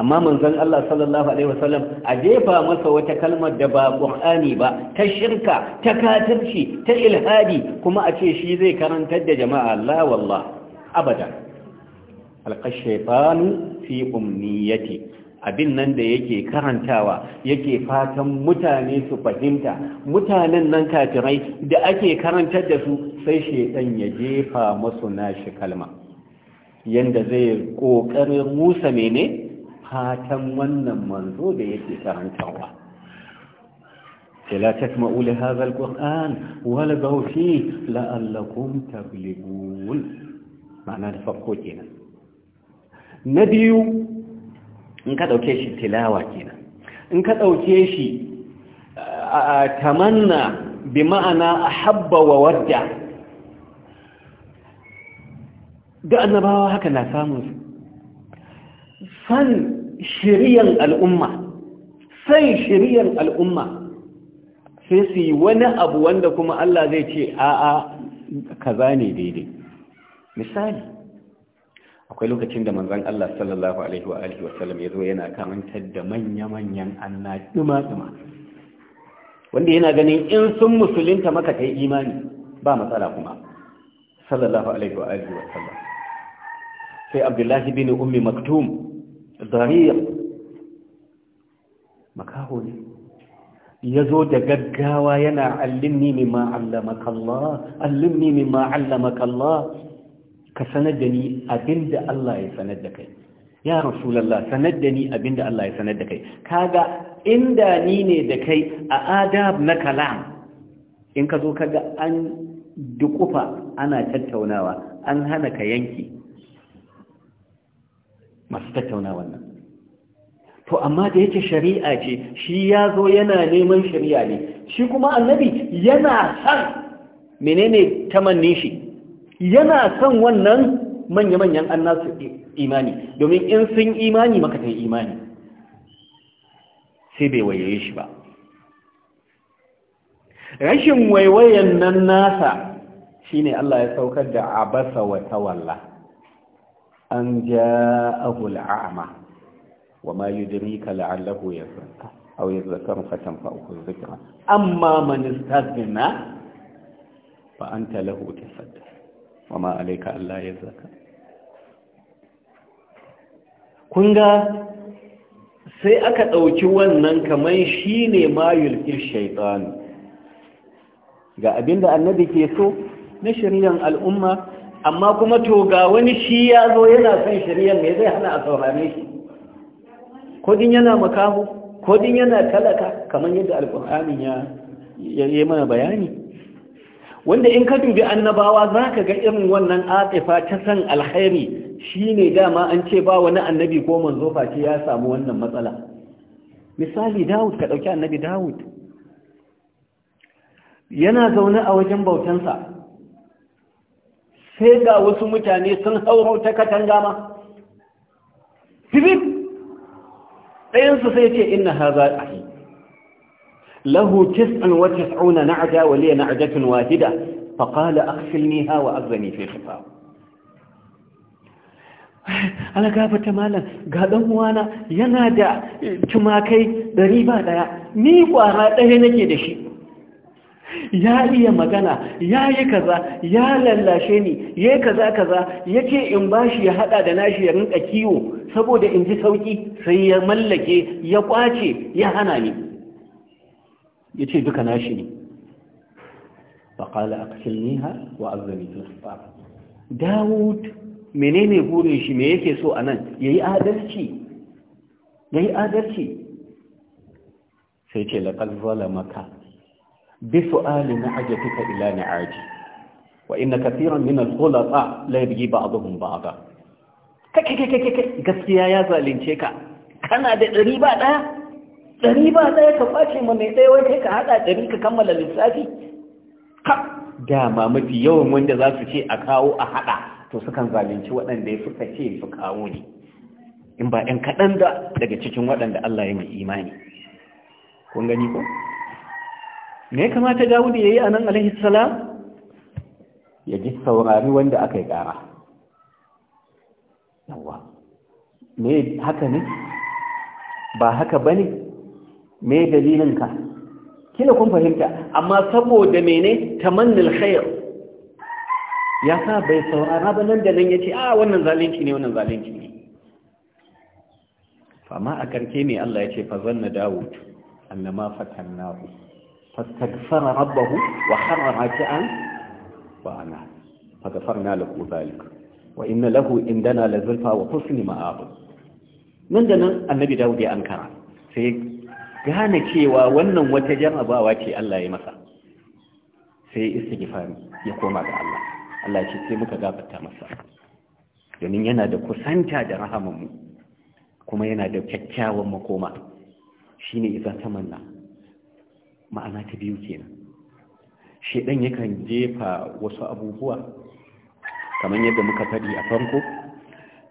amma manzon Allah sallallahu alaihi wasallam a jefa masa wata kalmar da ba Qur'ani ba ta shirka ta kafirci ta ilhadi kuma a ce shi zai karantar da jama'a la wallah abada alqashaytanu fi ummiyati abin nan da yake karantawa yake fatan mutane su fahimta mutanen nan kafirai da ake karantar da su sai shedan ya jefa masu nashi kalma yadda zai kokarin musa mene fatan wannan manzo da yake karantawa la tasma'u li hadha alquran wa la fihi ma'ana da farko kenan na biyu in ka ɗauke shi tilawa kenan in ka ɗauke shi tamanna bi ma'ana habba wa wadda da annabawa haka na samun san shiriyan al'umma san shiriyan al'umma sai su yi wani abu wanda kuma Allah zai ce a'a kaza ne daidai misali akwai lokacin da manzan Allah sallallahu alaihi wa alihi wasallam ya zo yana karantar da manya-manyan anna ɗuma-ɗuma. wanda yana ganin in sun musulinta maka kai imani ba matsala kuma sallallahu alaihi wa alihi wasallam sai Abdullahi bin Ummi Maktum Zariya makaho ne ya zo da gaggawa yana allin mimma allamaka Allah allin mimma allamaka Allah ka sanar da ni abinda Allah ya sanar da kai ya rasulallah sanar da ni abinda Allah ya sanar da kai kaga inda ni ne da kai a adab na kalam in ka zo kaga an dukufa ana tattaunawa an hana ka yanki masu tattauna wannan to amma da yake shari'a ce shi ya zo yana neman shari'a ne shi kuma annabi yana san menene tamannin shi yana son wannan manya-manyan an nasu imani domin in sun imani maka ta imani sai bai waye shi ba rashin waiwayen nan nasa shine Allah ya saukar da abasa wa tawalla an ja'ahu al'ama وما يدريك لعله يزكى أو يذكر Amma الذكرى أما ba an فأنت له تصدق wa ma alaika Allah ya zaka kun ga sai aka ɗauki wannan kamar shi ne mayul shaitan ga abinda annabi ke so na shari'an al'umma amma kuma to ga wani shi ya zo yana son shiryan mai zai hana a saurare shi kodin yana makahu kodin yana talaka kamar yadda alƙur'ani ya yi mana bayani wanda in ka dubi annabawa za ka ga irin wannan atifa ta san alkhairi shine dama an ce ba wani annabi ko manzo face ya samu wannan matsala misali Dawud ka dauki annabi Dawud yana zaune a wajen bautansa sai ga wasu mutane sun hauro ta katanga ma Filip ɗayansu sai ce inna haza ahi له تسع وتسعون نعجة ولي نعجة واحدة فقال أغسلنيها وأغزني في خفاف ana gafata malam ga dan uwana yana da tumakai dari ba daya ni kwara ɗaya nake da shi ya iya magana ya yi kaza ya lallashe ni ya kaza kaza ya ce in bashi ya hada da nashi ya rinka kiwo saboda in ji sauki sai ya mallake ya kwace ya hana ni ya ce duka nashi ne faƙala a ƙasar niha wa azami tulfa dawud menene burin shi me yake so a nan ya yi adalci ya yi adalci sai ce laƙar zala maka bi Ali na ajafika ila na aji wa ina kafiran min al ba a yabghi ba'dhum ba'dha gaskiya ya zalunce ka kana da ɗari ba ɗaya ɗari ba ɗaya ka ɓace ma mai ɗaya wai ka haɗa ɗari ka kammala lissafi ka dama mafi yawan wanda za su ce a kawo a haɗa to sukan zalunci waɗanda ya suka ce su kawo ne in ba ɗan kaɗan da daga cikin waɗanda Allah ya mai imani kun gani ko me kamata Dawudu ya yi a nan alaihi salam ya ji saurari wanda aka yi ƙara yawa me haka ne ba haka bane. me dalilinka kila kun fahimta amma saboda mene tamannul khair ya sa bai saurara ba nan da nan yace a ah, wannan zalunci ne wannan zalunci ne Fa ma a karke ne Allah yace fa zanna daud annama fatannahu fastaghfara rabbahu wa kharra ta'an wa ana faghfarna lahu zalika wa inna lahu indana lazulfa wa husni ma'ab nan da nan annabi daud ya ankara sai gane cewa wannan wata jarabawa ce Allah ya masa sai istighfari ya koma ga Allah Allah ce sai muka gafarta masa domin yana da kusanta da rahamanmu kuma yana da kyakkyawan makoma shine idan tamanna ma'ana ta biyu kenan shedan yakan jefa wasu abubuwa kamar yadda muka faɗi a farko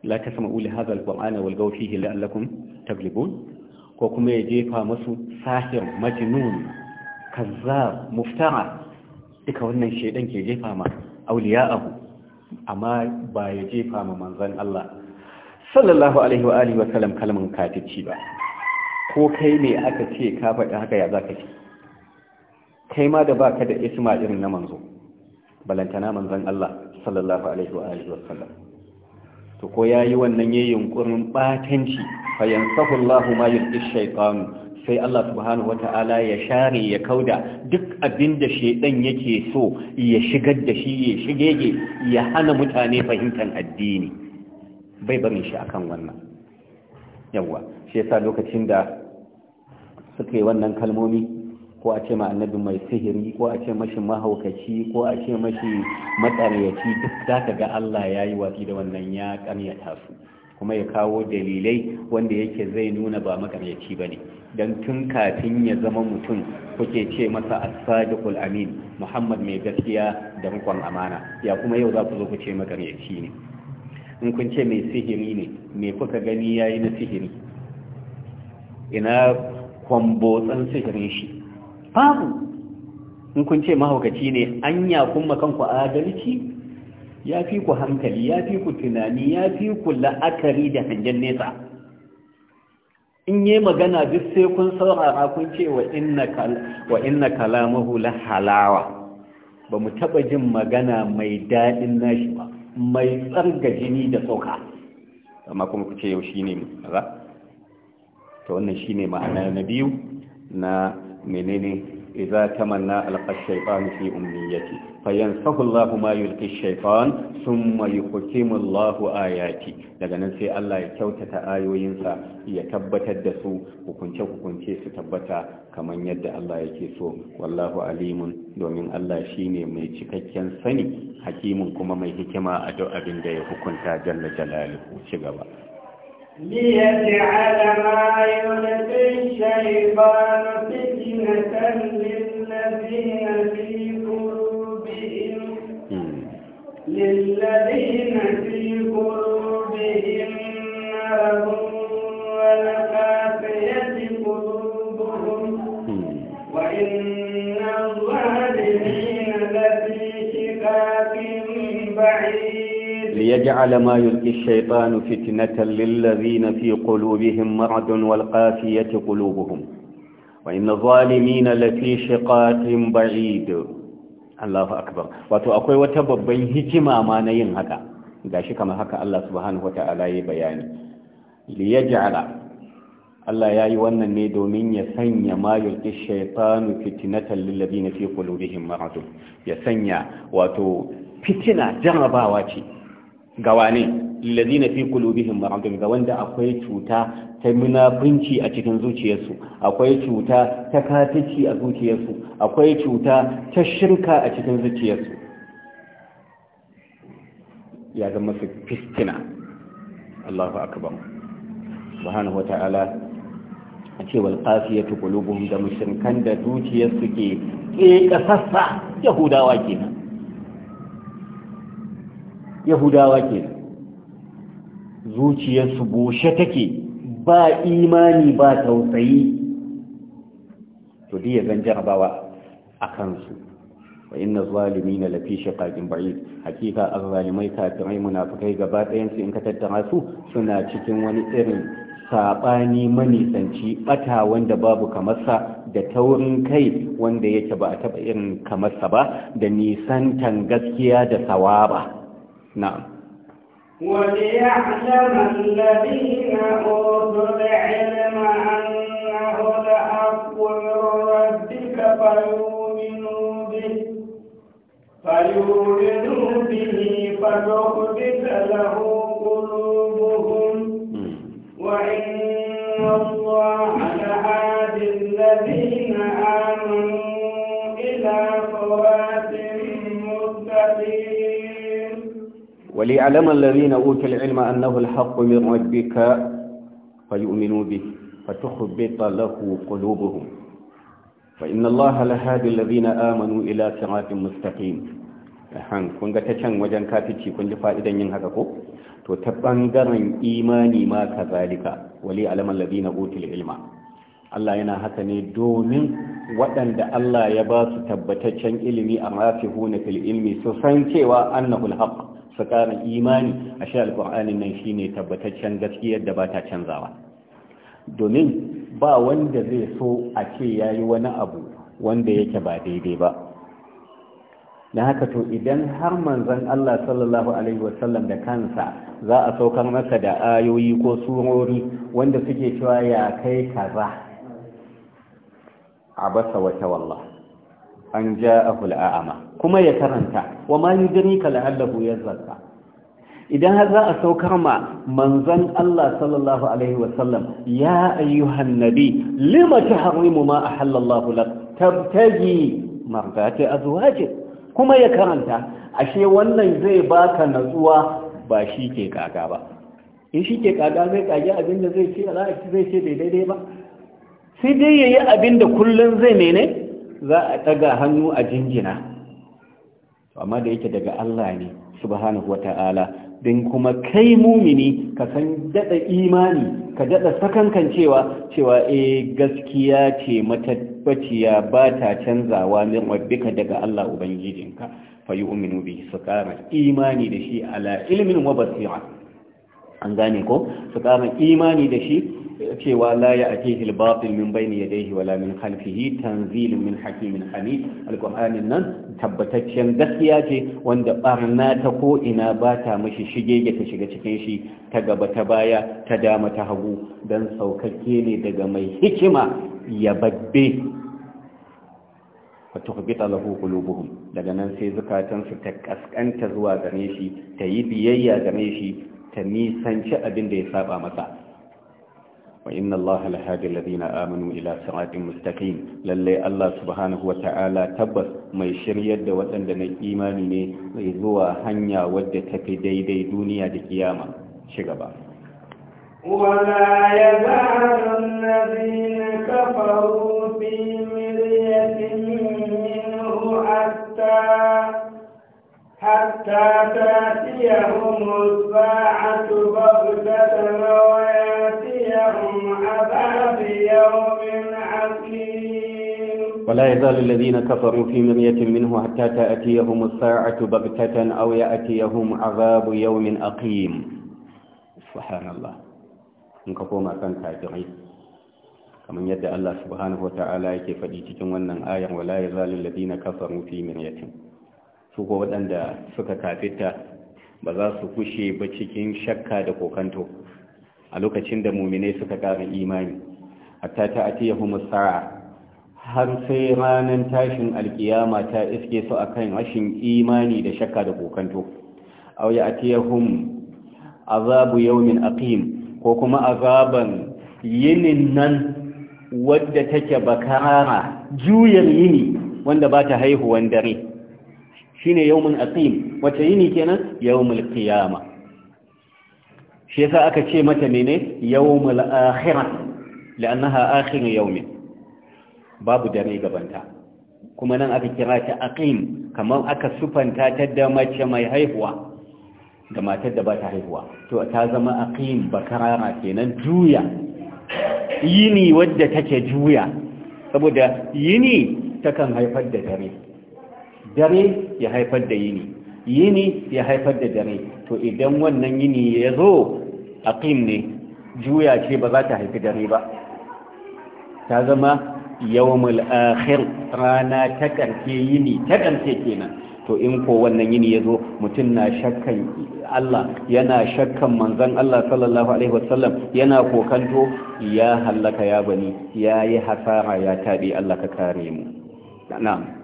la tasma'u li hadha al-qur'ana walghaw fihi la'allakum taglibun ko kuma ya jefa masu sahir majnun kazzab muftara duka wannan shedan ke jefa ma auliya'ahu amma ba ya jefa ma manzon Allah sallallahu alaihi wa alihi wa sallam kalman katici ba ko kai ne aka ce ka faɗi haka ya zaka ce kai ma da baka da isma irin na manzo balantana manzon Allah sallallahu alaihi wa alihi wa sallam to ko yi wannan yayin yunkurin batanci fa yansahu Allahu ma yulqi shaytanu sai Allah subhanahu ta'ala ya share ya kauda duk abin da yake so ya shigar da shi ya shigege ya hana mutane fahimtar addini bai barin shi akan wannan yawa shi yasa lokacin da suka yi wannan kalmomi ko a ce ma annabi mai sihiri ko a ce mashi mahaukaci ko a ce mashi matsaryaci duk za ka ga Allah ya yi watsi da wannan ya kamyata su kuma ya kawo dalilai wanda yake zai nuna ba makamyaci ba ne don tun kafin ya zama mutum kuke ce masa as amin muhammad mai gaskiya da rikon amana ya kuma yau za ku zo ku ce makamyaci ne in kun ce mai sihiri ne me kuka gani yayi na sihiri ina kwambotsan sihirin shi babu in kun ce mahaukaci ne anya kuma kanku adalci ya fi ku hankali ya fi ku tunani ya fi ku la'akari da hangen nesa in yi magana duk sai kun saurara kun ce wa inna kalamahu la halawa ba mu taɓa jin magana mai daɗin nashi ba mai tsarga jini da sauka amma kuma ku ce yau shi ne ma'ana na biyu na menene idza tamanna manna, shaytan fi umniyati fayansahu Allahu ma yulqi shaytan thumma yuhkimu Allahu ayati daga nan sai Allah ya kyautata ayoyinsa ya tabbatar da su hukunce hukunce su tabbata kamar yadda Allah yake so wallahu alimun domin Allah shine mai cikakken sani hakimin kuma mai hikima a duk abin da ya hukunta jalla jalaluhu ci gaba ليجعل ما يلقي الشيطان فتنة للذين في قلوبهم للذين في قلوبهم ليجعل ما يلقي الشيطان فتنة للذين في قلوبهم مرض والقاسية قلوبهم وإن الظالمين لفي شقاق بعيد الله أكبر وتأقوي وتببين هجما ما نين هكا gashi kamar haka Allah subhanahu wata'ala ya bayani ya yaj'ala Allah yayi wannan ne domin ya sanya mayul shaytanu fitnatan lil ladina fi qulubihim marad ya sanya wato fitina jarabawa ce ga wane lillazina fi qulubihim maradun ga wanda akwai cuta ta munafinci a cikin zuciyarsu akwai cuta ta katici a zuciyarsu akwai cuta ta shirka a cikin zuciyarsu ya zama su fiskina Allahu akbar subhanahu wata'ala a ce wal qasiyatu qulubuhum da mushrikan da zuciyarsu ke ke kasassa yahudawa kenan yahudawa ke zuciyarsu bushe take ba imani ba tausayi to ya zan jarabawa a kansu wa inna zalimina lafi shaqaqin ba'id hakika azzalimai kafirai munafikai gaba ɗayan su in ka tattara su suna cikin wani irin saɓani manisanci ɓata, wanda babu kamarsa da taurin kai wanda yake ba a taba irin kamarsa ba da nisantan gaskiya da sawaba na'am وليعلم الذين أوتوا العلم أنه الحق من ربك فيؤمنوا به فيؤمنوا به فتخبت له قلوبهم وإن الله لهادي الذين آمنوا وليعلم الذين أوتوا العلم أنه الحق من ربك فيؤمنوا به فتخبط له قلوبهم فإن الله لهادي الذين آمنوا إلى صراط مستقيم ta can wajen kafici kun ji fa'idan yin haka ko to ta bangaren imani ma kazalika wali alaman ladina utul ilma Allah yana haka ne domin waɗanda Allah ya ba su tabbataccen ilimi a mafihuna fil ilmi su san cewa annahul haqq su ƙara imani a shi alƙur'anin nan shi ne tabbataccen gaskiyar da ba ta canzawa domin ba wanda zai so a ce ya yi wani abu wanda yake ba daidai ba na haka to idan har manzan Allah sallallahu Alaihi wasallam da kansa za a saukar masa da ayoyi ko surori wanda suke cewa ya kai kaza a basa wata wallah an ja ja'ahu al'ama kuma ya karanta wa ma yudrika la'allahu yazakka idan har za a saukar ma manzon Allah sallallahu alaihi wasallam ya ayyuhan nabi lima ta tahrimu ma a ahallallahu lak tabtaji mardati ce. kuma ya karanta ashe wannan zai baka natsuwa ba shi ke kaga ba in shi ke kaga zai kage abinda zai ce a zai ce daidai ba sai dai ya yi abinda kullum zai mene za a ɗaga hannu a jingina amma da yake daga Allah ne subhanahu ta'ala. din kuma kai mumini ka san dada imani ka dada sakankan cewa cewa e gaskiya ce matabbaciya ba ta canzawa min rabbika daga Allah ubangijinka fa uminu bi ƙara imani da shi ala ilimin wa basira an gane ko Su ƙara imani da shi cewa la ya ake hilbatin min bayni daihi wala min halfihi tanzilun min min hamid alqur'anin nan tabbataccen gaskiya ce wanda ɓarna ta ko'ina ba ta mashi shige ya ta shiga cikin shi ta gaba ta baya ta dama ta hagu dan saukakke ne daga mai hikima ya yababbe fa tuhbita lahu qulubuhum daga nan sai su ta ƙasƙanta zuwa gare shi ta yi biyayya gare shi ta nisanci abin da ya saba masa wa inna Allah lahadi amanu ila siratin mustaqim lallai Allah subhanahu wa ta'ala tabbas mai shiryar da waɗanda na imani ne zuwa hanya wadda take daidai duniya da kiyama shi gaba wa la yazalun nabina kafaru fi miryatin minhu hatta حتى تأتيهم الساعة بغتة ويأتيهم عذاب يوم عقيم ولا يزال الذين كفروا في مرية منه حتى تأتيهم الساعة بغتة أو يأتيهم عذاب يوم أقيم سبحان الله إن كفوما كان كافرين كما yadda الله سبحانه وتعالى كيف faɗi cikin آية ولا يزال الذين كفروا في fi su ko waɗanda suka kafita ba za su kushe ba cikin shakka da kokanto a lokacin da muminai suka ƙara imani hatta ta atiyahum sa'a har sai ranar tashin alkiyama ta iske su akan rashin imani da shakka da kokanto aw ya atiyahum azabu yaumin aqim ko kuma azaban yinin nan wadda take bakara juyar yini wanda ba ta haihuwan dare shine yawmin aqim wace yini kenan yawmul qiyama shi yasa aka ce mata mene yawmul akhirah li'annaha akhiru yawmin babu dare gabanta kuma nan aka kira ta aqim kamar aka sufanta ta da mace mai haihuwa da matar da ba ta haihuwa to ta zama aqim bakarara kenan juya yini wadda take juya saboda yini takan haifar da dare dare ya haifar da yini yini ya haifar da dare to idan wannan yini ya zo a ne juya ce ba za ta haifi dare ba ta zama yawmul akhir rana ta karfe yini ta karfe kenan to in ko wannan yini ya zo mutum na shakkan Allah yana shakkan manzan Allah sallallahu alaihi wasallam yana kokanto ya hallaka ya bani ya yi hasara ya tabi Allah ka kare mu na'am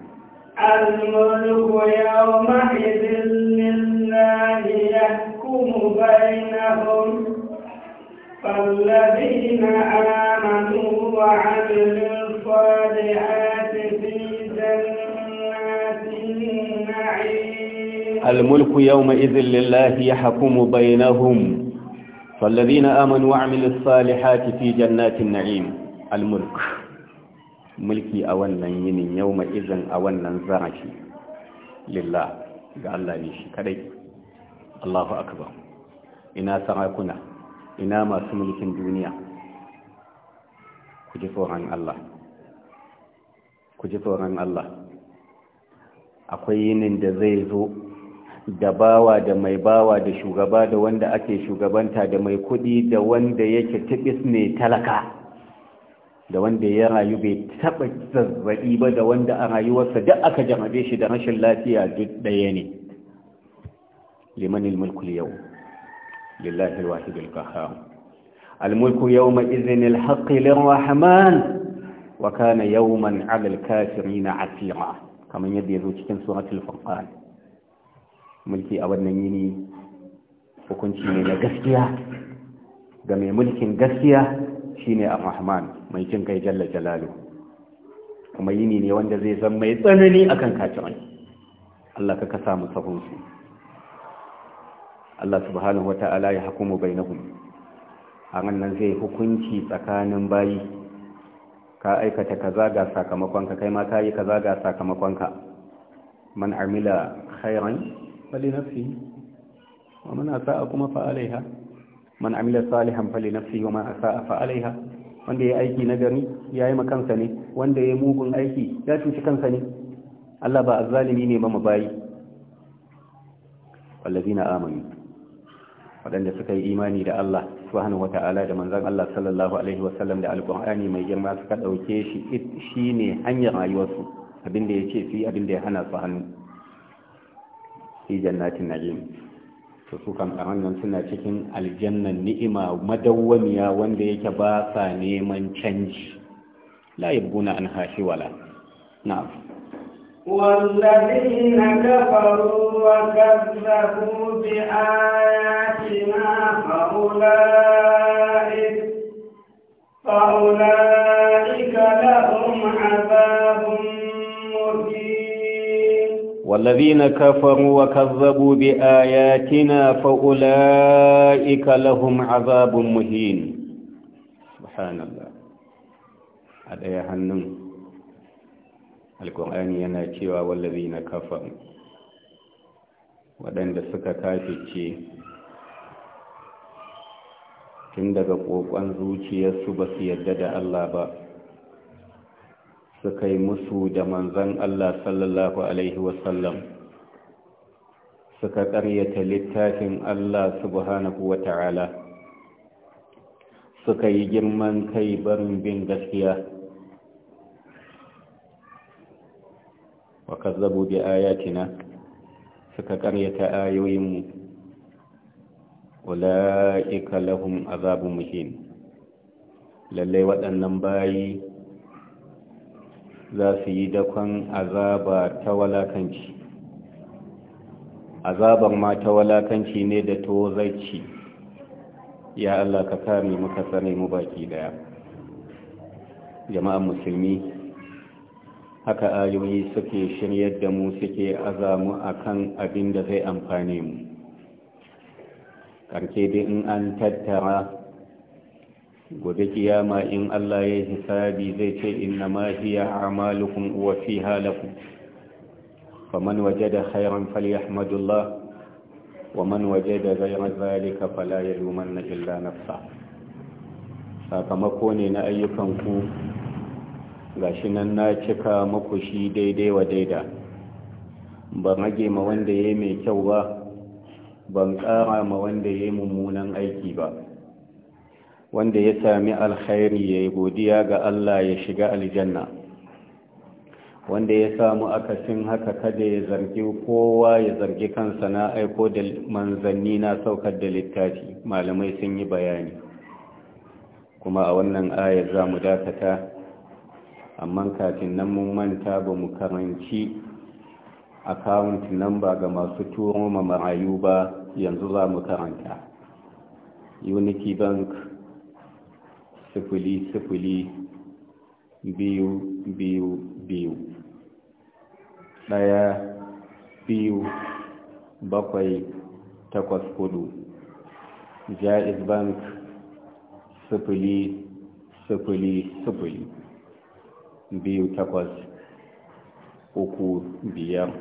الملك يومئذ لله يحكم بينهم فالذين آمنوا وعملوا الصالحات في جنات النعيم الملك يومئذ لله يحكم بينهم فالذين آمنوا وعملوا الصالحات في جنات النعيم الملك mulki a wannan yinin yau izin a wannan zarafi lillah ga Allah ne shi kadai Allahu akbar ina sarakuna ina masu mulkin duniya ku ji tsoron Allah ku ji tsoron Allah akwai yinin da zai zo da bawa da mai bawa da shugaba da wanda ake shugabanta da mai kudi da wanda yake tibis ne talaka da wanda ya rayu bai taɓa zazzaɓi ba da wanda a rayuwarsa duk aka jarabe shi da rashin lafiya duk ɗaya ne limanin mulkul yau lillahi wahidul qahhar الملك يومئذ الحق للرحمن وكان يوما على الكافرين عسيرا كما يدي cikin suratul furqan mulki a wannan yini hukunci ne na gaskiya ga mai mulkin gaskiya shine ar-rahman mai cin kai jalla jalalu kuma yini ne wanda zai san mai tsanani akan ai Allah ka kasa mu sahun su Allah subhanahu wata'ala ya hukumu bainahum a nan zai hukunci tsakanin bayi ka aikata kaza ga sakamakon ka kai ma ka yi kaza ga sakamakon ka man amila khairan fali nafsi wa man asaa kuma fa alaiha man amila salihan fali nafsi wa man asaa fa alaiha wanda ya aiki na gari ya yi makansa ne wanda ya mugun aiki ya cuci kansa ne Allah ba azzalimi ne ba mabayi wallazina amanu waɗanda suka yi imani da Allah subhanahu wata'ala da manzan Allah sallallahu alaihi wasallam da alqur'ani mai girma suka ɗauke shi ne hanyar rayuwarsu abinda yace su yi abinda ya hana su hannu fi jannatin najim to su kan nan suna cikin aljannan ni'ima madawwamiya wanda yake ba sa neman canji la yabuna an hashi wala na'am والذين كفروا وكذبوا بآياتنا فأولئك فأولئك لهم عذاب والذين كفروا وكذبوا بآياتنا فأولئك لهم عذاب مهين سبحان الله هذا يهنم القرآن يناتي والذين كفروا waɗanda suka kafice tun daga ƙoƙon zuciyarsu ba su yadda da Allah ba suka yi musu da manzan Allah sallallahu Alaihi wasallam suka ƙaryata littafin Allah subhanahu wa ta'ala suka yi girman kai barin bin gaskiya wa zabu bi ayatina suka ƙaryata ayoyinmu ula'ika lahum azabu muhim lallai waɗannan bayi za su yi dakon azaba ta walakanci azabar ma ta walakanci ne da to ci. ya Allah ka kame mu ka mu baki daya jama'an musulmi haka ayoyi suke shiryar da mu suke azamu akan abin da zai amfane mu karke dai in an tattara gobe kiyama in Allah ya hisabi zai ce inna ma hiya a'malukum wa fiha lakum faman wajada khairan falyahmadullah wa man wajada ghayra zalika fala yalumanna illa nafsa sakamako ne na ayyukan ku gashi nan na cika muku shi daidai wa daida ba rage ma wanda yayi mai kyau ba ban ƙara ma wanda yayi mummunan aiki ba wanda ya sami alkhairi ya yi godiya ga Allah ya shiga aljanna wanda ya samu akasin haka kada ya zargi kowa ya zargi kansa na aiko da manzanni na saukar da littafi malamai sun yi bayani kuma a wannan ayar za mu dakata amma kafin nan mun manta ba mu karanci nan ba ga masu turo ma marayu ba yanzu za mu karanta unity bank sifili sifili biyu biyu biyu ɗaya biyu bakwai takwas hudu jaiz bank sifili sifili sifili biyu takwas uku biyar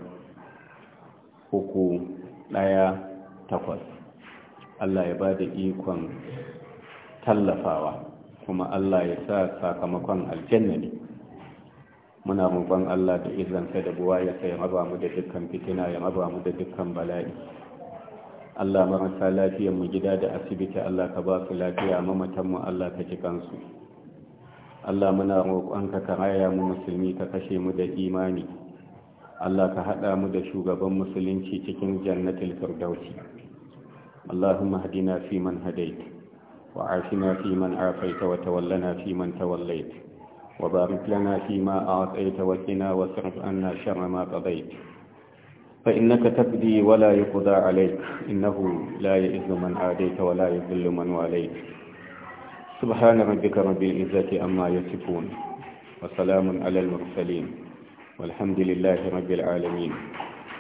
uku ɗaya takwas Allah ya ba da ikon tallafawa kuma Allah ya sa sakamakon aljanna ne muna roƙon Allah da sai da buwa ya sai maba mu da dukkan fitina ya maba mu da dukkan bala'i Allah marasa lafiyar mu gida da asibiti Allah ka ba su lafiya mamatan mu Allah ka ji kansu Allah muna roƙon ka raya mu musulmi ka kashe mu da imani Allah ka haɗa mu da shugaban musulunci cikin jannatul firdausi hadina fi man هديت وعافنا فيمن عافيت وتولنا فيمن توليت وبارك لنا فيما أعطيت وقنا واصرف عنا شر ما قضيت فإنك تقضي ولا يقضى عليك إنه لا يئذ من عاديت ولا يذل من واليت سبحان ربك رب العزة أما يصفون وسلام على المرسلين والحمد لله رب العالمين